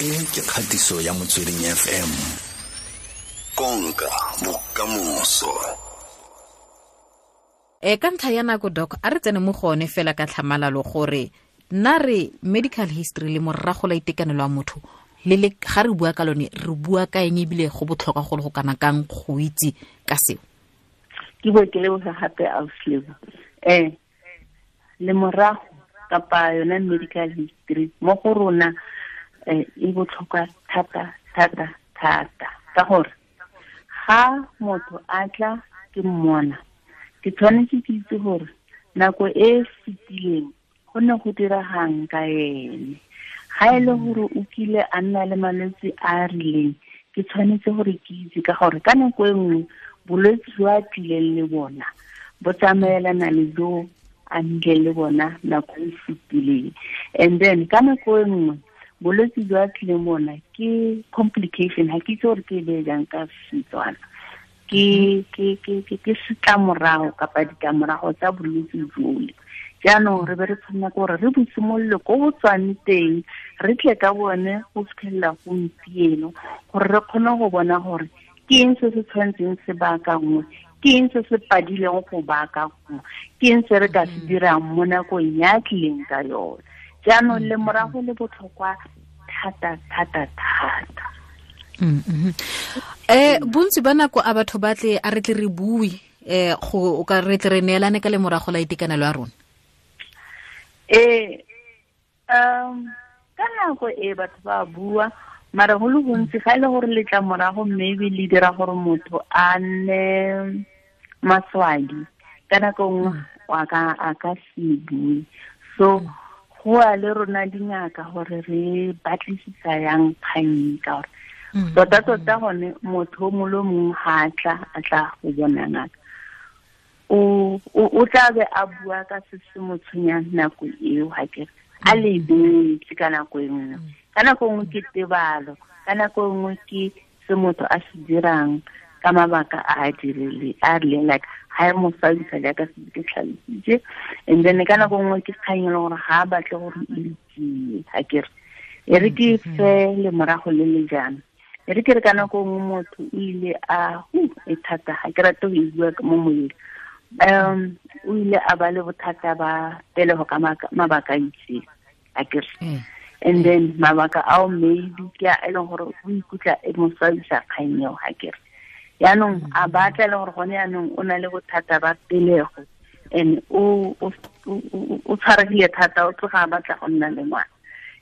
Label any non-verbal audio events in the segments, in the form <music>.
e ke kgatiso ya motsweding fm konka bokamoso e ka ntlha ya nako doc a re tsene mo go one fela ka tlhamalalo gore nna re medical history le morago la itekanelo ya motho le le ga re bua ka lone re bua ka eng ebile go botlhokwa go le go kana kang go itse ka seo ke bo ke leboge gape auslever um le morago kapa yona medical history mo go rona Eh, e botlhokwa thata thata thata ka gore ga motho a tla ke mmona ke tshwanetse ke itse gore nako e fetileng go ne go diragang ka ene ga e le gore o kile a nna le malwetse a a rileng ke tshwanetse gore ke itse ka gore ka nako e nngwe bolwetse jo a tlileng le bona bo tsamaelana le jo a ntle le bona nako e fetileng and then ka nako e nngwe bolwetse jwa tlileng bona ke complication ga ke itse gore ke bee jang ka setswana ke setlamorago kapa ditlamorago tsa bolwetse jole jaanong re be re tshwanela kegore re bosimolole ko bo tswane teng re tle ka bone go fitlhelela gompieno gore re kgone go bona gore ke eng se se tshwanetseng se baaka nngwe ke eng se se padileng go baaka nngwe ke eng se re ka se mm. dirang mo nakong ya tlileng ka yone jaanong le mm-hmm. morago le botlhokwa thata thata thata um bontsi ba nako a batho batle a re tle re bue um go ka re tle re neelane ka le morago la itekanelo ya rona ee um ka nako e batho ba bua mara go le gontsi ga e le gore letla morago maybe le dira gore motho a nne maswadi ka nako e nngwe mm. a ka se bue so go a le rona dingaka gore re batlisisa yang kgang ka gore mm. tota-tota gone motho o mole mongwe ga a tla a tla go bona ngaka o tla be a bua ka se se mo tshwenyang nako eo ga kere a lebetse mm. ka nako e nngwe mm. ka nako e nngwe ke tebalo ka nako e nngwe ke se motho a se dirang mm. ka mabaka a dirile a rileng like ga e mo jaaka se ke tlhalositse and then ka nako nngwe ke sekgang e le gore ga a batle gore eletsie ga kere e re ke mm-hmm. fe le morago le le jaana e re ke re ka nako nngwe motho o ile a thata ga ke rate go e bua mo moyeng um o ile a ba le bothata ba pelego ka mabaka a itseng kere eh, and eh. then mabaka ao maybe ke a e leng gore o ikutla e mo kgang eo ga kere yanong mm. a batla e leng gore gone yaanong o na le bothata ba pelego and o tshwaregile thata o tloga a batla go nna le ngwana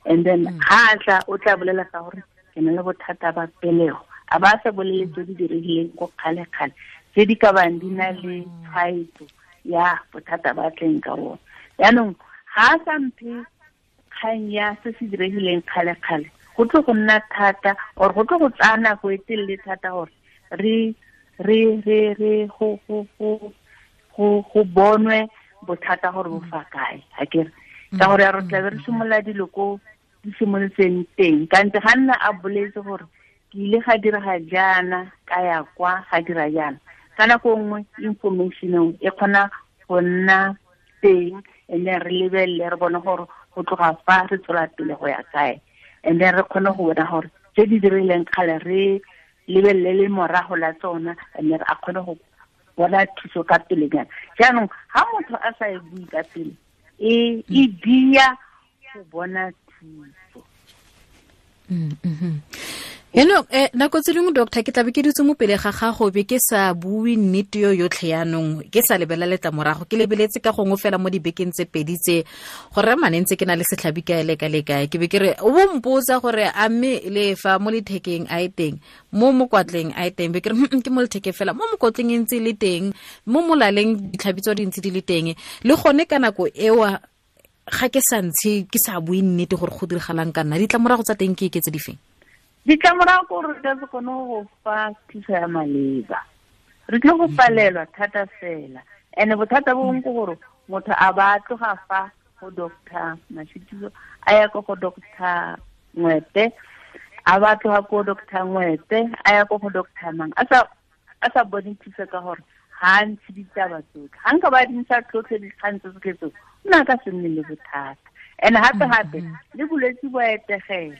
and then mm. ga a tla o tla bolela ka gore ke na le bothata ba pelego a ba sa bolele tse di diregileng ko kgale-kgale tse di ka bang di na le mm. tshwaetso ya bothata ba tleng ka bona yaanong ga a samphe kgang ya se se diregileng kgale-kgale go tle go nna thata or go tle go tsaya nako e telele thata gore re re re re go go go go go bonwe bothata gore bo fa kae ga kere ka gore ya rotla be re simolola dilo ko di simolotseng teng ka ntse ga nna a boletse gore ke ile ga dira ga jaana ka ya kwa ga dira jaana ka nako nngwe informationeng e kgona go nna teng and then re lebelele re bone gore go tloga fa re tswela pele go ya kae and then re kgone go bona gore tse di dirileng kgale re lebelele le morago la tsona mme a kgone go bona thuso ka pelenyana jaanong ga motho a sa e bue ka pele e dia e go bona thuso mm, mm-hmm yanong um eh, nako tse dingwe doctor ke tlabe ke ditse mo pele ga gago be ke sa bue nnete yo yotlhe yanong ke sa lebela morago ke lebeletse ka gongwe fela mo dibekeng tse pedi tse gore manentse ntse ke na le setlhabi ka ele ka le kae ke be ke re o bompotsa gore a mme le fa mo lethekeng a e teng mo mokwatleng a e teng be ke re ke mo lethekeng fela mo mokotleng e ntse e le teng mo molaleng ditlhabi tsa dintsi di le teng le gone ka nako eo ga ke sa ntshe ke sa bue nnete gore go diragalang ka nna ditlamorago tsa teng ke eketse ke tse di feng ditlamorago kore re ka se kgone go fa thuso ya maleba re tle go palelwa thata fela and-e bothata bongwe ke gore motho a ba tloga fa go doctor mashitiso a ya ko go doctor ngwete a ba tloga ko doctor ngwete a ya ko go doctor mang a sa bone thuso ka gore ga a ntshe ditaba tsotlhe ga nka ba dintsha tlhotlhe dikgantse tsotlhe tso o ne a ka se nne le bothata and-e gape-gape mm-hmm. le bolwetse bo etegele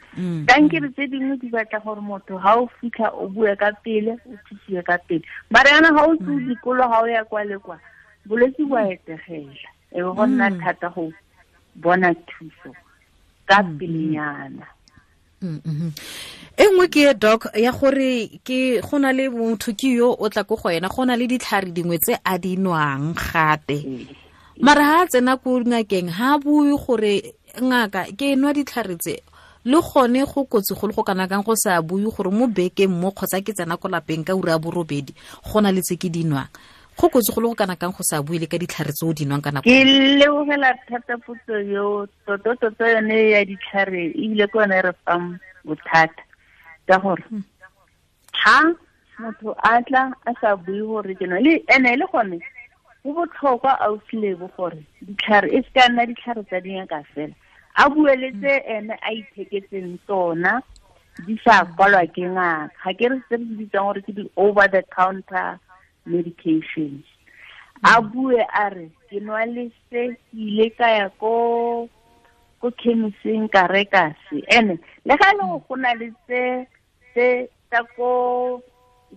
Mm. kankere tse dingwe di batla gore motho ga o fitlha o bue ka pele o thusiwe ka pele mara yana ga o tseo mm. dikolo ga o ya kwa le kwa bolwetse bo a mm. etegela e go nna thata go bona thuso ka pelenyana e nngwe ke e doc ya gore ke go na le motho ke yo o tla ko go wena go na le ditlhare dingwe tse a di nwang gape ee, ee. mara ha a tsena ko ngakeng ha a bue gore ngaka ke nwa ditlhare tse le gone go kotse go le go kana kang go sa bui gore mo beke mo kgotsa ke tsena ko lapeng ka ura ya borobedi gona le tse ke dinwang go kotse go le go kana kang go sa bui le ka ditlhare tse o dinwang kana ke le o hela thata putso yo to to to to ne ya ditlhare e ile ko ne e re fam botlhata ka gore hmm. ha motho atla a sa bui gore ke no le ene le gone go botlhokwa a o file bo gore ditlhare e ska nna ditlhare tsa dinga ka fela Abou e le eh, se ene a iteke sen to na, di sa akwalo a gen a, ha gen se li jan ori ki bi over the counter medications. Abou hmm. e are, gen wale se, ki le kaya ko, ko keni sen kareka se. Ene, le kaya nou kona le se, se tako,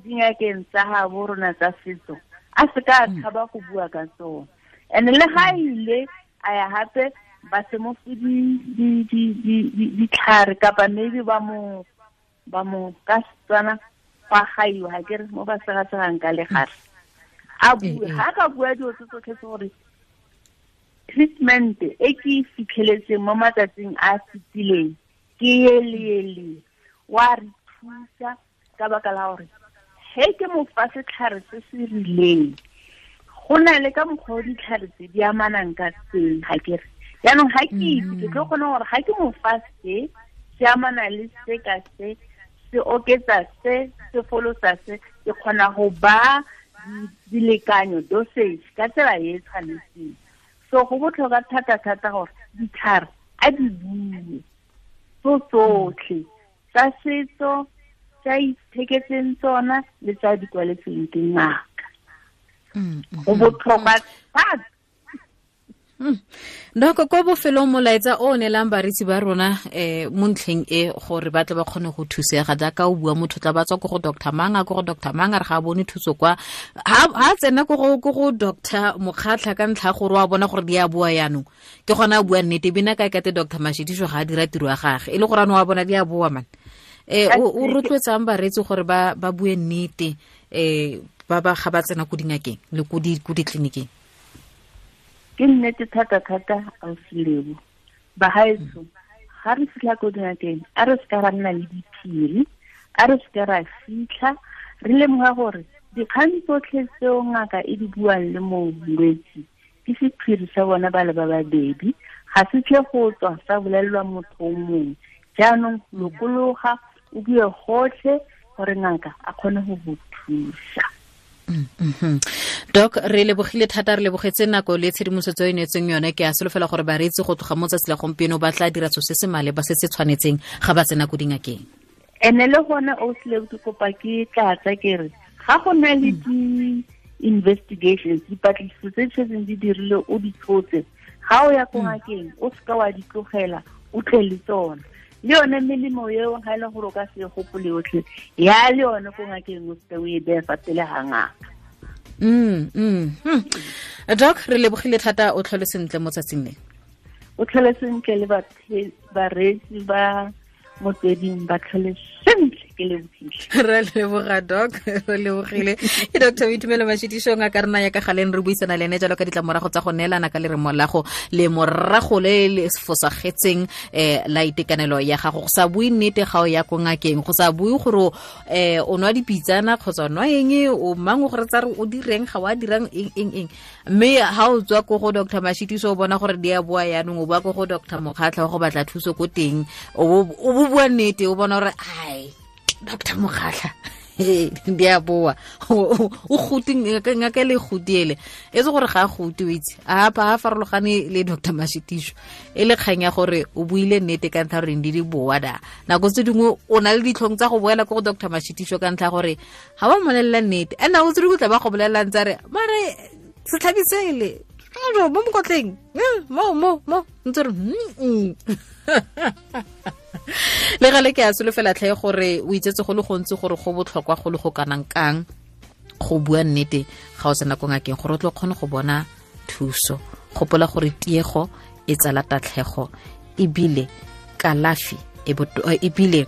di nge gen sa havoro na tasito. A se ka, kabwa hmm. kubwa ka to. Ene, le hayi le, a ya hape, ba se mo di di di di di tlhare ka ba maybe ba mo ba mo ka tsana pa khai wa ke mo ba se ga tsang ka le gare a bu ha ka bua di o se tso ke tsore treatment e ke fikeletse mo matsatsing a sitileng ke ye le ye le wa re thusa ka ba ka la hore he ke mo fa se tlhare se se rileng gona le ka mokgwa o ditlhare tse di amanang ka seng ga kere yaanong ga ke mm. itse ke tlo kgone gore ga ke mo fa se se amana le se ka se se oketsa se se folosa se ke kgona go ba dilekanyo dosage ka tsela e e tshwanetseng so go botlhokwa thata-thata gore ditlhare a di bue so tsotlhe tsa setso tsa itheketseng tsona le tsa di ke ngaka go mm, mm, botlhokwa thata nako hmm. kwa bofelong molaetsa o neelang baretsi ba rona um mo ntlheng e gore ba tle ba kgone go thusega jaaka o bua motho tla ba tswa ko go doctor manga ko go doctor manga re ga a bone thuso kwa ga a tsena ko go doctor mokgatlha ka ntlha gore wa bona gore di a boa yaanong ke gona a bua nnete bena ka kate doctor mashediso ga a dira tiro ya gage e le gore ano wa bona di a boa man um o rotloetsang baretsi gore ba bue nnete um ba ba ga ba tsena ko dingakeng le ko ditleliniking ke nnete thata-thata ausilebo bagaetso ga re fitlha ko teng a re seka ra nna le diphiri a re seka ra fitlha re lemoga gore dikgang tsotlhe tseo ngaka e di buang le mo molwetsi ke sephiri sa bona ba le ba babedi ga se tle go tswa sa bolelelwa motho o mongwe jaanong lokologa o bue gotlhe gore ngaka a kgone go go thusa dok re lebogile thata re lebogetse nako le tshedimosetso e neetseng yone ke a solofela gore ba reetse go tloga mo tsatsi la gompieno ba tla dira tso se se male ba se se tshwanetseng ga ba tsena ko dingakeng ene le gone o sile o kopa ke tlatsa kere ga go na le di-investigations dipatlisiso tse tshwetseng di dirile o di tshotse ga o ya ko ngakeng o seka wa ditlogela o tle le tsone le yone melemo yeo ga e le gore o ka se gopole yotlhe ya le yone ko ngakeng o sete o e befa pele ga ngaka mm mm hmm. doc re lebogile thata o tlhole sentle mo tsatsing le o tlhole sentle le bareetsi ba motsweding ba tlhole ke <laughs> lebogile re leboga doc <laughs> re lebogile ke dr boitumelo mašedišong a ka re naya ka galeng re buisana le ene jalo ka ditlamorago tsa go neelana ka le re molago le morago le le fosagetseng um la itekanelo ya gago go sa bue nnete ga o ya ko ngakeng go sa bue gore um o nwa dipitsana kgotsa o nwa eng o mangwe gore tsa re o direng ga o a dirang eng eng eng mme ga o tswa ko go dr mašitiso o bona gore di a boa yanong o boa ko go doctor mokgatlha wa go batla thuso ko teng o bo bua nnete o bona gore ai dr mogatla di a boa o gute ngaka le gutiele e se gore ga a gute o itse a pa a farologane le dr mashitiso e le kgang ya gore o buile nnete ka ntlha goreng di di boa da nako tse dingwe o na le ditlhong tsa go boela ko go dr mashitiso ka ntlha gore ga ba mmolelela nnete and nako tse dingwe tla ba go bolelelang tsa re mare setlhabisele mo mokotleng eh, mo mo mo ntse re hmm, mm. <laughs> le gale ke a solofela tlhae gore o itsetse go le gontsi gore go botlhokwa go le go kanang kang go bua nnete ga o sena ko ngakeng gore o tlo kgone go bona thuso gopola gore tiego e tsala tatlhego ebile kalafi e e, ebile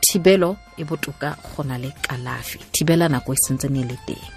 thibelo e botoka go na le kalafi thibela nako e sentse ne e le teng